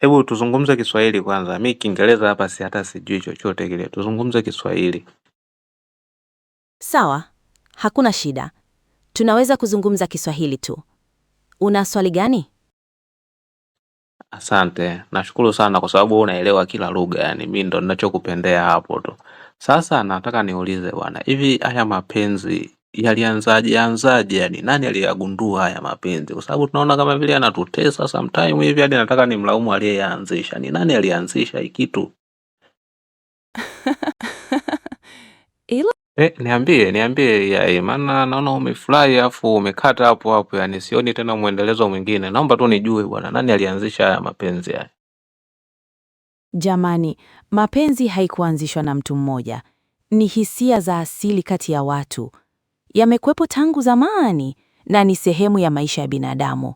Hebu tuzungumze Kiswahili kwanza. Mi Kiingereza hapa si hata sijui chochote kile. Tuzungumze Kiswahili. Sawa, hakuna shida. Tunaweza kuzungumza Kiswahili tu. Una swali gani? Asante, nashukuru sana kwa sababu unaelewa kila lugha. Yani mi ndo ninachokupendea hapo tu. Sasa nataka niulize bwana, hivi haya mapenzi yalianzaje anzaje, yani nani aliyagundua haya mapenzi? Kwa sababu tunaona kama vile anatutesa sometime hivi, hadi nataka mlaumu aliyeanzisha. Ni nani alianzisha hii kitu? Ilo... Eh, niambie niambie yai, maana naona umefurahi afu umekata hapo hapo, yani sioni tena mwendelezo mwingine. Naomba tu nijue bwana, nani alianzisha haya mapenzi haya? Jamani, mapenzi haikuanzishwa na mtu mmoja, ni hisia za asili kati ya watu yamekwepo tangu zamani na ni sehemu ya maisha ya binadamu.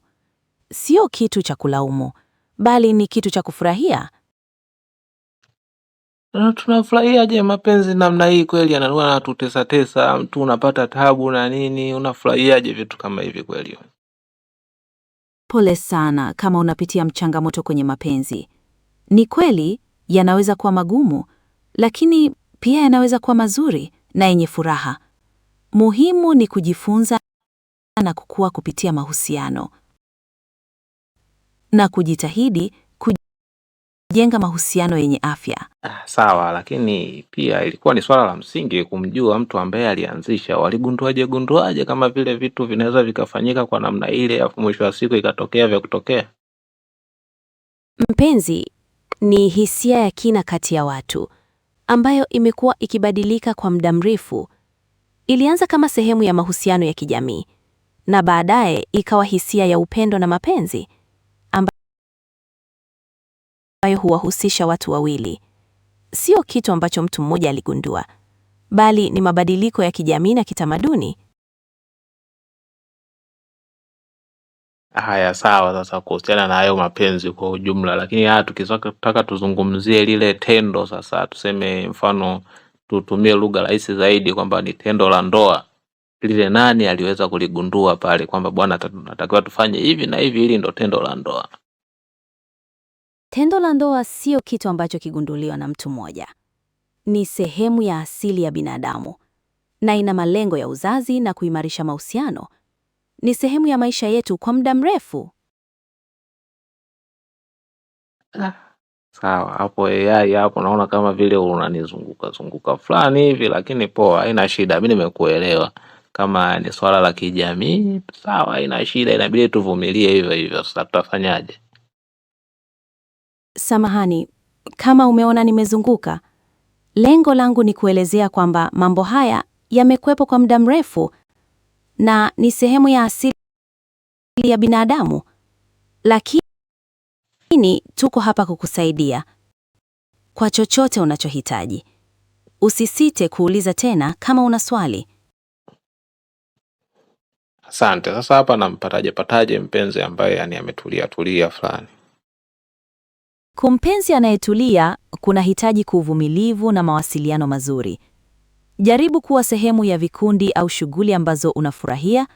Sio kitu cha kulaumu, bali ni kitu cha kufurahia. Na tunafurahiaje mapenzi namna hii kweli? Yanalua na tutesa tesa, mtu unapata tabu na nini, unafurahiaje vitu kama hivi kweli? Pole sana kama unapitia mchangamoto kwenye mapenzi. Ni kweli yanaweza kuwa magumu, lakini pia yanaweza kuwa mazuri na yenye furaha. Muhimu ni kujifunza na kukua kupitia mahusiano na kujitahidi kujenga mahusiano yenye afya. Ah, sawa, lakini pia ilikuwa ni swala la msingi kumjua mtu ambaye alianzisha. Waligunduaje gunduaje kama vile vitu vinaweza vikafanyika kwa namna ile, afu mwisho wa siku ikatokea vya kutokea? Mpenzi ni hisia ya kina kati ya watu ambayo imekuwa ikibadilika kwa muda mrefu Ilianza kama sehemu ya mahusiano ya kijamii na baadaye ikawa hisia ya upendo na mapenzi ambayo huwahusisha watu wawili. Sio kitu ambacho mtu mmoja aligundua, bali ni mabadiliko ya kijamii na kitamaduni. Haya, sawa. Sasa kuhusiana na hayo mapenzi kwa ujumla, lakini haya tukitaka tuzungumzie lile tendo sasa, tuseme mfano tutumie lugha rahisi zaidi kwamba ni tendo la ndoa lile nani aliweza kuligundua pale kwamba bwana tunatakiwa tufanye hivi na hivi ili ndo tendo la ndoa tendo la ndoa sio kitu ambacho kigunduliwa na mtu mmoja ni sehemu ya asili ya binadamu na ina malengo ya uzazi na kuimarisha mahusiano ni sehemu ya maisha yetu kwa muda mrefu ah. Sawa, hapo AI hapo naona kama vile unanizunguka zunguka fulani hivi, lakini poa, haina shida, mimi nimekuelewa. Kama ni swala la kijamii, sawa, haina shida, inabidi tuvumilie hivyo hivyo. Sasa tutafanyaje? Samahani kama umeona nimezunguka. Lengo langu ni kuelezea kwamba mambo haya yamekwepo kwa muda mrefu na ni sehemu ya asili ya binadamu, lakini lakini tuko hapa kukusaidia kwa chochote unachohitaji. Usisite kuuliza tena kama una swali. Asante. Sasa hapa nampataje pataje mpenzi ambaye yani ametulia tulia fulani? Kumpenzi anayetulia kunahitaji kuvumilivu na mawasiliano mazuri. Jaribu kuwa sehemu ya vikundi au shughuli ambazo unafurahia,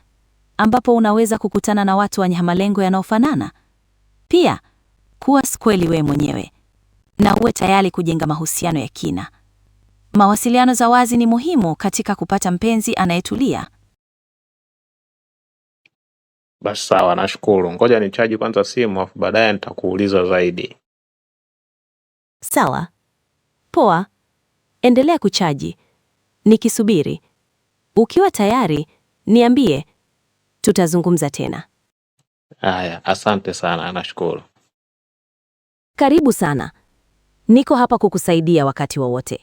ambapo unaweza kukutana na watu wenye malengo yanayofanana pia. Kuwa skweli wewe mwenyewe na uwe tayari kujenga mahusiano ya kina. Mawasiliano za wazi ni muhimu katika kupata mpenzi anayetulia. Basi sawa, nashukuru. Ngoja nichaji kwanza simu, afu baadaye nitakuuliza zaidi. Sawa, poa, endelea kuchaji nikisubiri. Ukiwa tayari niambie, tutazungumza tena. Haya, asante sana, nashukuru. Karibu sana, niko hapa kukusaidia wakati wowote.